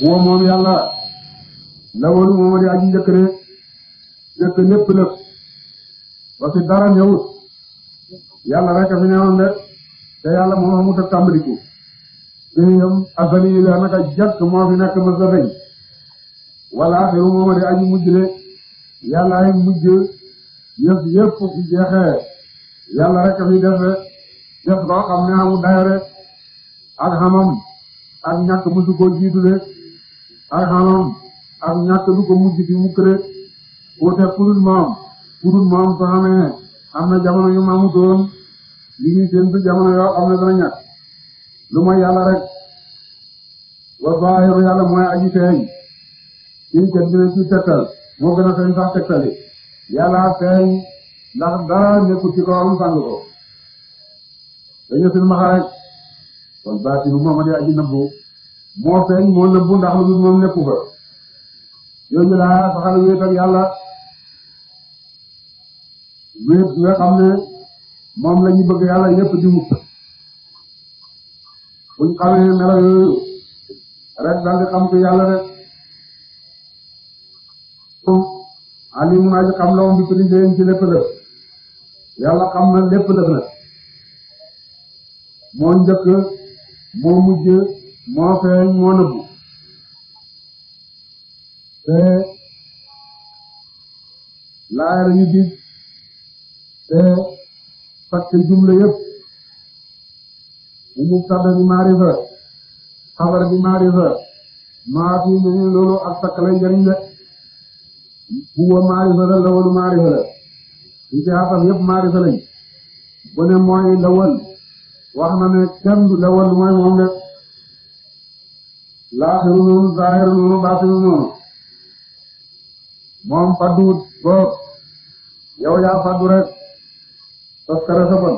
woo moom yàlla la woon moom di aji njëkk ne njëkk ñëpp nag ba fi dara ñëwut yàlla rek a fi newoon de te yàlla moom amut ak tàmbaliku yam asali yi la naka jàkk moo fi nekk mës a dañ wala axiru moom di aji mujj ne yàlla ay mujj yëpp yëpp fi jeexee yàlla rek a fi def def loo xam ne amul dayore ak xamam ak ñàkk mësu ko jiitu de ay xalam ak ñàkk du ko mujj bi mukk rek wute kudul moom kudul moom soo am na jamono yu maamu doon li ñuy séntu jamono yoo xam ne dana ñàkk lu mooy yàlla rek wa zaahiru yàlla mooy aji feeñ ci kenn dina ci tegtal moo gën a feeñ sax tegtali yàlla feeñ ndax dara nekkul ci kawam sàng ko dañu sin maxa kon baatinu moom a aji nëbbu moo feeñ moo nëbbu ndax lu dul moom nekku fa yooyu laa taxal wéet yàlla wéet nga xam ne moom la bëgg yàlla yëpp di wut buñ xamee melaw rek daal di xam ko yàlla rek alim naa ji xam la moom bi ci leen ci lépp lëf yàlla xam na lépp lëf na moo njëkk moo mujj moo feeñ moo nëbbu te laay la ñu gis te jumla yëpp mu mubtada bi maarifa xabar bi maarifa maa fi mu loolu ak lay njëriñ la huwa maarifa la lawalu maarifa la suñ ci xaatam yëpp maarifa lañ bu mooy lawal wax na ne kenn lawal mooy moom rek laaxir moom zaahir moom baatin moom moom fadduwut boo yow yaa faddu rek tos kare bon